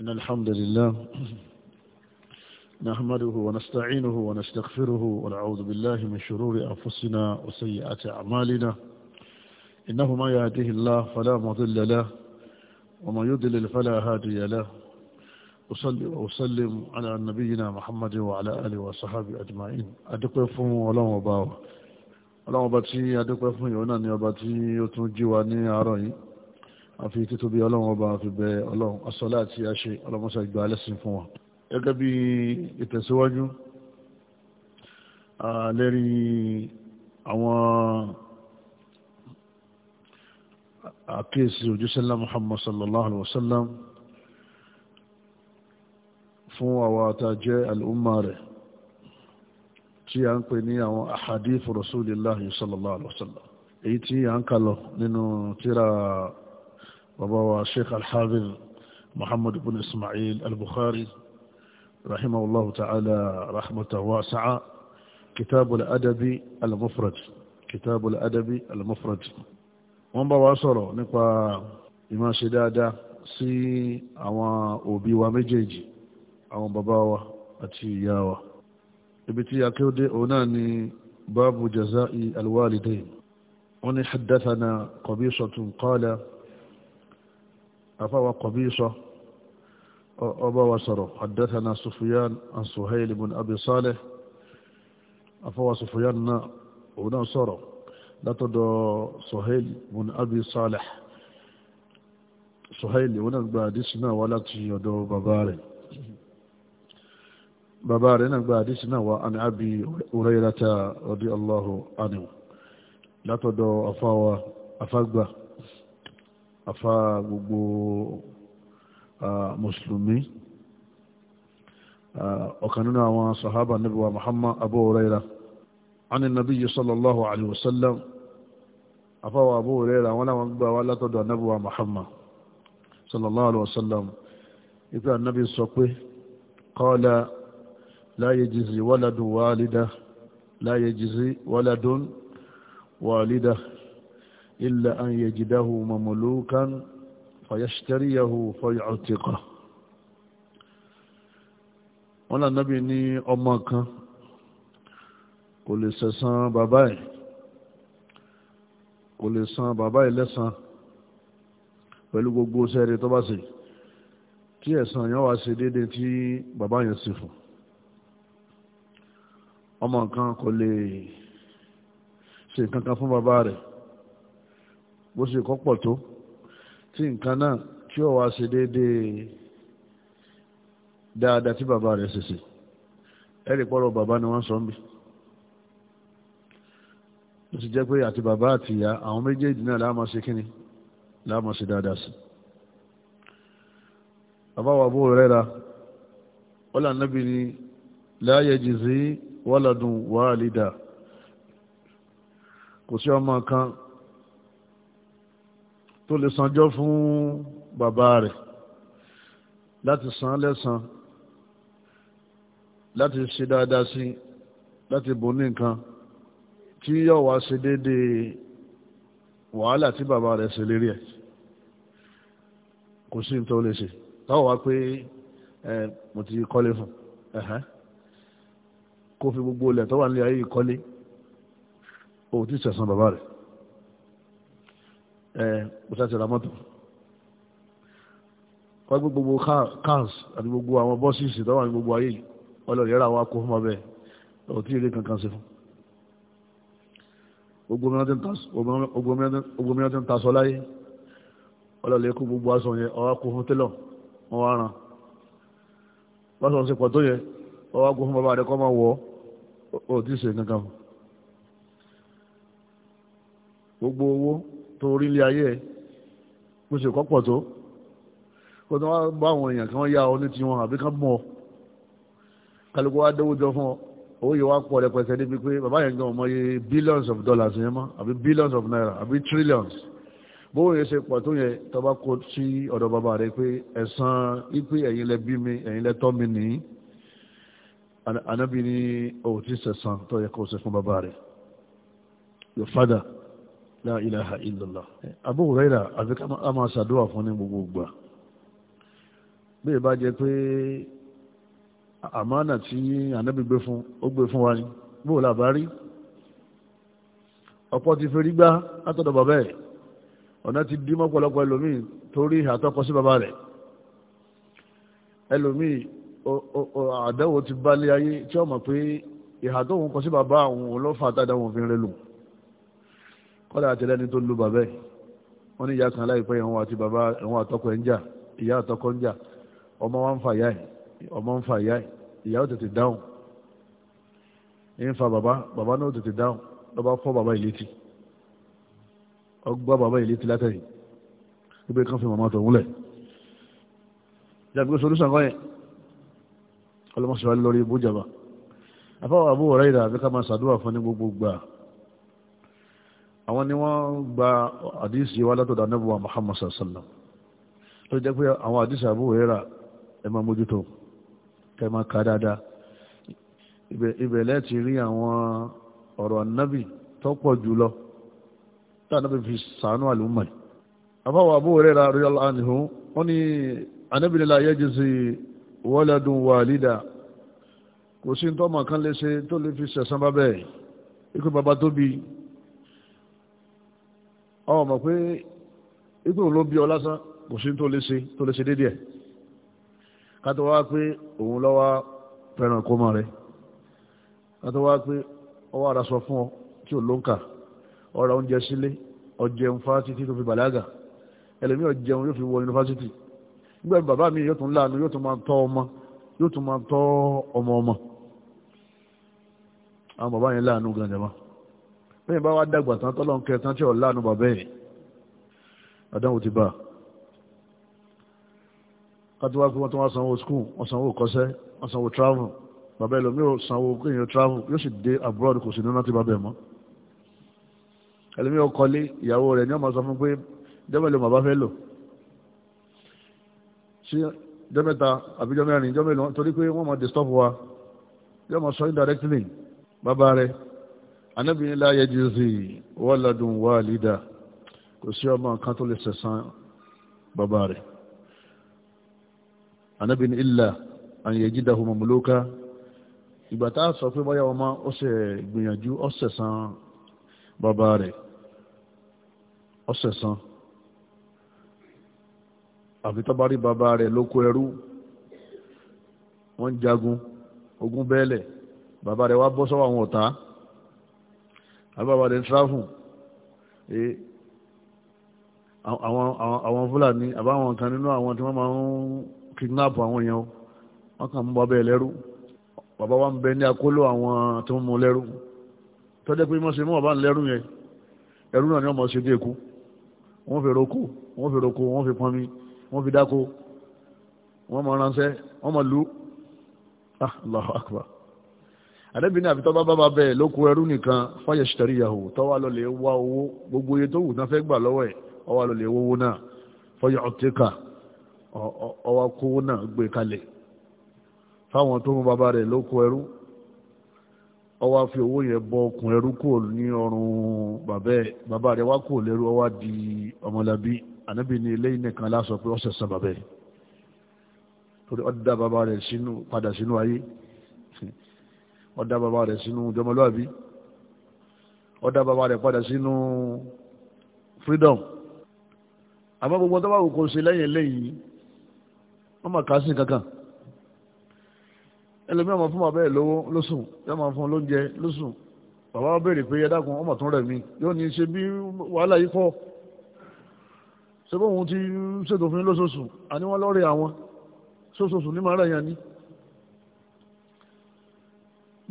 إن الحمد لله نحمده ونستعينه ونستغفره ونعوذ بالله من شرور أنفسنا وسيئات أعمالنا إنه ما يهده الله فلا مضل له وما يضلل فلا هادي له أصلي وأسلم على نبينا محمد وعلى آله وصحبه أجمعين أدقفهم ولا مباوة ولا مباتي أدقفهم فهم يونان يباتي يتنجي واني أرأي àfi títóbi ọlọ́run ọba àfi bẹ ọlọ́run asọ́lá àti àṣẹ ọlọ́mọṣà ìgbà alẹ́sìn fún wa. gẹ́gẹ́ bí ìtẹ̀síwájú lẹ́rí àwọn àkíyèsí òjíṣẹ́lá muhammad sallallahu alaihi wasallam fún àwọn àtàjẹ́ al'umma rẹ̀ tí a ń pè ní àwọn ahadith rasulillahi sallallahu alaihi wasallam èyí tí a ń kalọ̀ nínú tíra bàbá wa sheikh alhafiz muhammad ibn ismail al-bukhari rahimahullah ta'ala rahmatan wasi'a kitabu al-adabi al-mufrad kitabu al-adabi al-mufrad wọ́n bá wa sọ̀rọ̀ nípa ìmọ̀ ṣe dáadáa sí àwọn òbí wa méjèèjì àwọn bàbá wa àti ìyá wa ibi tí akéwòdé òun náà ni báàbù jaza'i alwalidayn wọ́n ní haddathana qabishatun qala afáwa Qabisa ọba wa sọ̀rọ̀ haddathana Sufyan an Suhayl ibn Abi Salih afáwa Sufyan náà òun náà sọ̀rọ̀ látọ̀dọ̀ Suhayl ibn Abi Salih Suhayl òun náà gba àdísì náà wá láti ọ̀dọ̀ bàbá rẹ̀ bàbá rẹ̀ náà gba àdísì náà wá an Abi Hurayrata radiyallahu anhu látọ̀dọ̀ afáwa afágbà àfa gbogbo mùsùlùmí ọ̀kan nínú àwọn sahaba nabi wa muhammad abu huraira عن النبي صلى الله عليه وسلم أفوى أبو هريرة وأنا وأنبا ولا تدعى نبوة محمد صلى الله عليه وسلم إذا النبي صلى قال لا يجزي ولد والده لا يجزي ولد والده إلا أن يجده مملوكا فيشتريه فيعتقه wọ́n lànàbí ní ọmọ kan kò lè sẹ̀san bàbá ẹ̀ kò lè san bàbá ẹ̀ lẹ́san pẹ̀lú gbogbo sẹ́rẹ̀ tó bá ṣe tí ẹ̀san yẹn wá ṣe déédéé tí bàbá yẹn sì fún ọmọ kan kò lè ṣe kankan fún bàbá rẹ̀ bó ṣe kọ́ pọ̀ tó tí nǹkan náà tí ó wá ṣe déédéé dáadáa tí bàbá rẹ̀ ṣèṣe ẹ̀rì pọ́rọ̀ bàbá ni wọ́n sọ ń bí ó sì jẹ́ pé àti bàbá àti ìyá àwọn méjèèjì náà láàmọ́ ṣe kíni láàmọ́ ṣe dáadáa sí bàbá wa bó rẹ̀ ra ó là nábì ni láàyè jìzí wàládùn wàálídà kò sí ọmọ kan tó lè sanjọ́ fún bàbá rẹ̀ láti san lẹ́san láti ṣe dáadáa sí láti bò ní nǹkan tí yóò wá ṣe déédéé wàhálà tí bàbá rẹ̀ ṣe lérí ẹ̀ kò sí ní tó lè ṣe táwọn wá pé ẹ mo ti kọ́lé fún kó fi gbogbo ilẹ̀ tó wà nílé ayé ìkọ́lé òun ti ṣẹ̀san bàbá rẹ̀ mọ́sáàsì ra mọ́tò wọ́n gbé gbogbo cans àti gbogbo àwọn bọ́sìsì tó wà ní gbogbo ayé ọlọ́rẹ̀ ra wa kó fún ọbẹ̀ ọtí ilé kankan sí fún gbogbo mìíràn tí ń tasọ láyé ọlọ́rẹ̀ kó gbogbo aṣọ yẹn ọwá kó fún tẹ́lọ̀ wọn wá ràn lọ́sọ̀rọ̀ sí pọ̀ tó yẹ ọwá kó fún bàbá rẹ̀ kọ́ máa wọ̀ ọtí ìṣe kankan fún gbogbo owó tó orílẹ̀ ayé ẹ̀ mo ṣe kọ́ pọ̀ tó kó tó wá bá àwọn èèyàn kan yá ọ ní tiwọn àbí kan mọ̀ kálukú wá dówó jọ fún ọ owó yìí wá pọ̀ rẹpẹtẹ níbi pé bàbá yẹn gan ọmọ yẹ billions of dollars yẹn mọ́ àbí billions of naira àbí trillions bówó yẹn ṣe pọ̀ tó yẹ tọba kó sí ọ̀dọ̀ bàbá rẹ pé ẹ̀san ipe ẹ̀yin lẹ bí mi ẹ̀yin lẹ tọ́ mi nìyí anábì ní òtí sẹ̀san tó yẹ kó ṣe fún bàbá rẹ your father la ilaha illallah Abu Huraira àfi ká máa ṣàdúrà fún ní gbogbo ìgbà bí ìbá jẹ́ pé àmánà tí ànábì gbé fún ó gbé fún wa ni bóòlù àbárí ọ̀pọ̀ ti fèrí gbá látọ̀dọ̀ bàbá ẹ̀ ọ̀nà ti dí mọ́pọ̀lọpọ̀ ẹlòmíì torí àtọ́kọ sí bàbá rẹ̀ ẹlòmíì àdáwò ti bá lé ayé tí ó mọ̀ pé ìhà tó òun kọ sí bàbá òun ló fà tádà òun fi ń relù kọ́lá àtẹlẹ́ni tó lu bàbá ẹ̀ wọ́n ní ìyá kan láìpẹ́ ìhun àti bàbá ìhun àtọkọ ẹ̀ ń jà ìyá àtọkọ ń jà ọmọ wa ń fa ìyá ẹ̀ ọmọ ń fa ìyá ẹ̀ ìyá ó tètè dáhùn ń fa bàbá bàbá náà ó tètè dáhùn lọ́ba fọ́ bàbá yìí létí ọgbà bàbá yìí létí látẹ̀yìn ibẹ̀ kan fi màmá tòun lẹ̀ jàpé solúsàn kan yẹn ọlọ́mọṣẹ́ àwọn ni wọ́n gba àdísì yíwá látọ̀dọ̀ anábùwà Muhammad sallam tó jẹ́ pé àwọn àdísì Abu Huraira ẹ máa mójútó kẹ máa ka dáadáa ibẹ̀ lẹ́ẹ̀tì rí àwọn ọ̀rọ̀ anábì tó pọ̀ jùlọ tá anábì fi sàánú àlùmọ̀ afáwọ̀ Abu Huraira radiyallahu anhu wọ́n ní anábì la yajzi waladun walida kò sí ní tọ́mọ̀ kan léṣe tó lè fi sẹ̀sán bá bẹ́ẹ̀ ikú baba tóbi ọmọ mọ̀ pé ipò ló bí ọ lásán kò sí tó lè ṣe dédé ẹ̀ kátó wá pé òun lọ́wọ́ fẹ́ràn kó mọ̀ rẹ̀ kátó wá pé ọwọ́ ara sọ fún ọ tí ò ló ń kà ọ̀rọ̀ oúnjẹ sílé ọjẹun fásitì tó fi bàlágà ẹlẹ́mí ọjẹun yóò fi wọ yunifásitì nígbà bàbá mi yóò tún láàánú yóò tún máa tọ́ ọmọ yóò tún máa ọmọ ọmọ àwọn bàbá yẹn láàánú gan fẹ́yìn bá wá dàgbà tán tọ́lọ́n kẹtàn tí ọ̀la nu bàbá ẹ̀ àdánwò ti bá káti wá pé wọ́n tó wá sanwó skul wọ́n sanwó kọ́sẹ́ wọ́n sanwó travel bàbá ẹ̀ lómi ò sanwó kéèyàn travel yóò sì dé abroad kò sí nínú ti bàbá ẹ̀ mọ́ ẹlòmí ò kọ́lé ìyàwó rẹ̀ ní ọmọ sọ fún pé jọ́mọ̀ lè mọ̀ lò sí jọ́mẹ́ta àbí jọ́mẹ́rin jọ́mẹ́lò torí pé wọ́n mọ̀ disturb wa yọ́mọ̀ sọ indirectly bàbá rẹ̀ anábì ní láyé jíze wọ́ládùn wà lídà kò sí ọmọ kan tó lè sẹ̀sán bàbá rẹ̀ anábì ní ilà àyè jídà hùmọ̀ mọ̀lóká ìgbà tá a sọ pé báyà ọmọ ó ṣe gbìyànjú ó sẹ̀sán bàbá rẹ̀ ó sẹ̀sán àfi bàbá rẹ̀ lóko ẹrú wọ́n jagun ogun bẹ́ẹ̀lẹ̀ bàbá rẹ̀ wá bọ́ sọ́wọ́ àwọn ọ̀tá àbábalẹ̀ travel àwọn fúlàní àbáwọn kan nínú àwọn tí wọ́n máa ń kidnap àwọn èèyàn wọ́n kàn mú bàbá ẹ̀ lẹ́rú bàbá wa ń bẹ ní akóló àwọn tí wọ́n mú lẹ́rú tọ́jẹ́ pé mọ́ ṣe mú bàbá lẹ́rú yẹn ẹrú náà ni wọ́n mọ̀ ṣe dé ikú wọ́n fi roko wọ́n fi roko wọ́n fi pọnmi wọ́n fi dáko wọ́n mọ̀ ránṣẹ́ wọ́n mọ̀ lù ah, Allahu Akbar àdẹ́bí ní àfi tọ́ba bá bẹ́ẹ̀ ló kú ẹrú nìkan fáyẹ̀ ṣìtẹ̀rí yahoo tọ́wà lọ lè wá owó gbogbo iye tó wù náà fẹ́ gbà lọ́wọ́ ẹ̀ ọwà lọ lè wówó náà fáyẹ̀ ọ̀tíkà ọwà kówó náà gbé kalẹ̀ fáwọn tó mú bàbá rẹ̀ ló kú ẹrú ọwà fi owó yẹn bọ ọkùn ẹrú kò ní ọrùn bàbá rẹ̀ wá kò lẹ́rú ọwà di ọmọlábí ó dá bàbá rẹ̀ sínú jọmọlúwàbí ó dá bàbá rẹ̀ padà sínú freedom àmọ́ gbogbo tó bá wù kó ṣe lẹ́yìn eléyìí wọ́n máa kà á sí kankan ẹlòmíà máa fún bàbá ẹ̀ lówó lóṣùn yóò máa fún lóúnjẹ lóṣùn bàbá wa béèrè pé ẹ dákun ọmọ tó rẹ̀ mí yóò ní ṣe bí wàhálà yìí pọ̀ ṣé bóun ti ṣètò fún lóṣooṣù àní wọ́n lọ́ọ̀rẹ́ àwọn ṣoṣooṣù ní màá rẹ̀ yẹn ni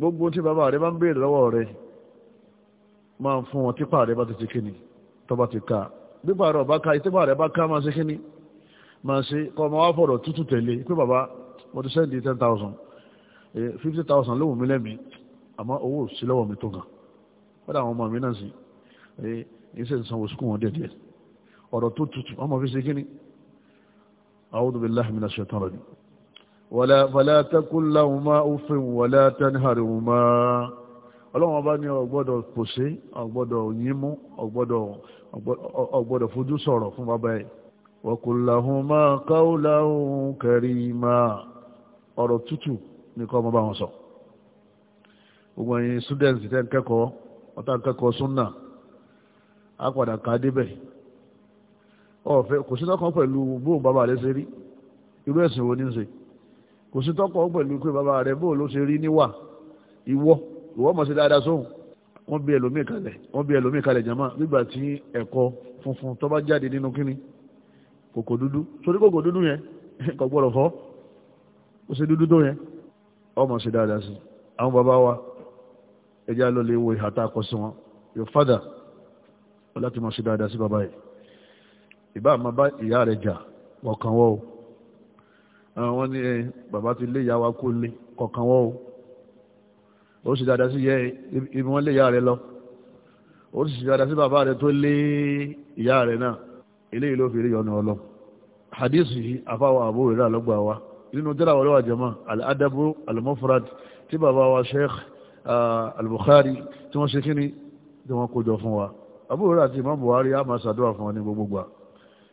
gbogbo tí bàbá rẹ bá ń béèrè lọ́wọ́ rẹ máa fún wọn típa rẹ bá ti ti kíni tó bá ti ka pípa rẹ ọba ka ìtípa rẹ bá ká máa ṣe kíni máa ṣe kọ́ ọmọ wá fọ̀rọ̀ tútù tẹ̀lé pé bàbá mo ti sẹ́ndì ten thousand eh, fifty thousand lóhùn mi lẹ́mìí àmọ́ owó sí lọ́wọ́ mi tó gan wọ́n dà àwọn ọmọ mi náà sí eh, iṣẹ́ ìsanwó sukùn wọn dẹ̀dẹ̀ ọ̀rọ̀ tó tútù ọmọ fi ṣe kíni a'udhu billahi minash shaitanir rajim ولا فلا تقل لهما اف ولا تنهرهما ọlọ́wọ́n bá ní ọgbọ́dọ̀ pòṣé ọgbọ́dọ̀ yímú ọgbọ́dọ̀ fojú sọ̀rọ̀ fún bàbá ẹ̀ wa qul lahuma qawlan karima ọ̀rọ̀ tútù ní kọ́ ọmọ bá wọn sọ gbogbo ẹ̀yin students tẹ́ ń kẹ́kọ̀ọ́ ọ̀tá ń kẹ́kọ̀ọ́ súnà á padà ká débẹ̀ ọ̀fẹ́ kò sí lọ́kàn pẹ̀lú bóun kò sí tọkọ pẹ̀lú pé bàbá rẹ̀ bó ló ṣe rí níwà ìwọ ìwọ mọ̀ sí dáadáa sóhun wọ́n bí ẹlòmíì kalẹ̀ wọ́n bí ẹlòmíì kalẹ̀ jama nígbà tí ẹ̀kọ́ funfun tó bá jáde nínú kíni kòkò dúdú sórí kòkò dúdú yẹn kò gbọ́dọ̀ fọ́ ó ṣe dúdú tó yẹn ọmọ sí dáadáa sí àwọn bàbá wa ẹjẹ́ ló lè wo ìhàtà akọ sí wọn your father láti mọ̀ sí dáadáa sí bàbá yìí ìbá àmọ́ bá ìyá Ah, wọ́n ní ẹ eh, bàbá ti lé ìyá wa kó lé kọ̀ọ̀kan wọ́n o ó sì dáadáa sí yẹ ibi wọ́n lé ìyá rẹ lọ ó sì dáadáa sí bàbá rẹ tó lé ìyá rẹ náà eléyìí ló fi rí ọ̀nà ọlọ hadith yìí afáwọn àbúrò rẹ lọ́gbà wa nínú tẹ́lá wọlé wa jama al-adabu al-mufrad tí bàbá wa sheikh ah, al-bukhari tí wọ́n ṣe kíni tí wọ́n kójọ fún wa àbúrò rẹ àti imam buhari a máa ṣàdúrà fún wa ní gbogbo gbà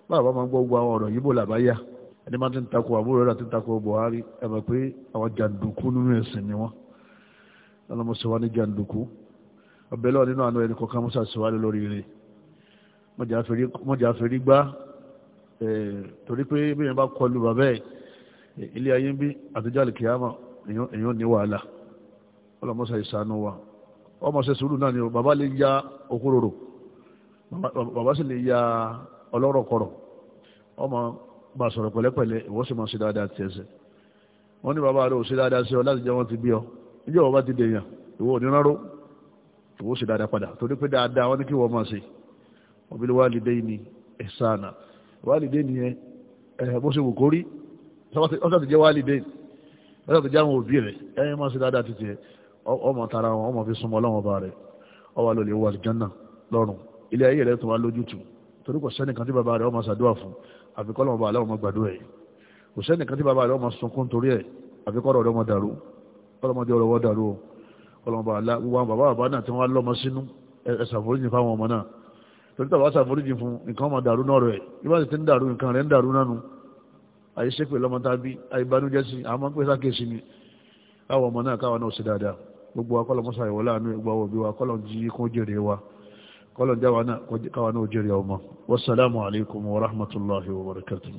bàbá máa gbogbo àwọn ọ̀rọ̀ yìí bò làbáyà ẹni máa ti ń takò àbúrò rẹ̀ àti takò Buhari ẹ pé àwọn jàǹdùkú nínú ẹ̀sìn ni wọ́n lọ́nà mo sọ wá ní jàǹdùkú ọbẹ̀ lọ́wọ́ nínú àánú ẹni kọ̀ọ̀kan mo ṣàṣewálé lórí rẹ̀ mọ̀jà àfẹ́rí gbá torí pé bí yẹn bá kọlu bàbá ẹ̀ ilé ayé ń bí àtijọ́ àlìkìyàmọ̀ èèyàn ní wàhálà ọlọ́mọṣà ìsànú wa ọmọ ṣe sùúrù náà ni bàbá lè ya okòròrò bàbá sì lè ya ọlọ́rọ̀kọ̀rọ̀ ọmọ bá sọ̀rọ̀ pẹ̀lẹ́pẹ̀lẹ́ ìwọ sì máa ṣe dáadáa ti ẹsẹ̀ wọ́n ní bàbá rẹ̀ ò ṣe dáadáa sí ọ láti jẹ́ wọ́n ti bí ọ níjẹ́ wọ́n bá ti dèèyàn ìwọ ò ní ráró ìwọ sì dáadáa padà torí pé dáadáa wọ́n ní kí wọ́n máa ṣe ọ̀bílẹ̀ wálìdéyìní ẹ̀sánà wálìdéyìní ẹ̀ eh, bó ṣe wù kórí ọ́sà ti jẹ́ wálìdéyìní ọ́sà ti jẹ́ àwọn òbí rẹ̀ ẹ̀yìn àfikọ́lọ́ ọba aláwọ̀ máa gbàdúrà yìí kò sẹ́ni kan tí bàbá aláwọ̀ máa sunkún torí ẹ̀ àfikọ́lọ́ ọ̀dọ́ máa dàrú ọlọ́mọdé ọ̀rọ̀ wọ́n dàrú ọlọ́mọba aláwọ̀ bàbá bàbá náà tí wọ́n lọ́mọ sínú ẹ̀sàforíjì fáwọn ọmọ náà torí tàbá ṣàforíjì fún nǹkan máa dàrú náà rẹ̀ ibà sì ti ń dàrú ni káwọn ọmọ náà káwọn náà ṣe dáadáa gbogbo akọ́lọ́mọ́sà ìwọlá àánú ìgbà òbí wa kọ́lọ́ kọ́lọ̀ jáwa náà kọ́wàá náà jẹ́rìí ọmọ wassalamu alaikum wa rahmatullahi wa barakatuh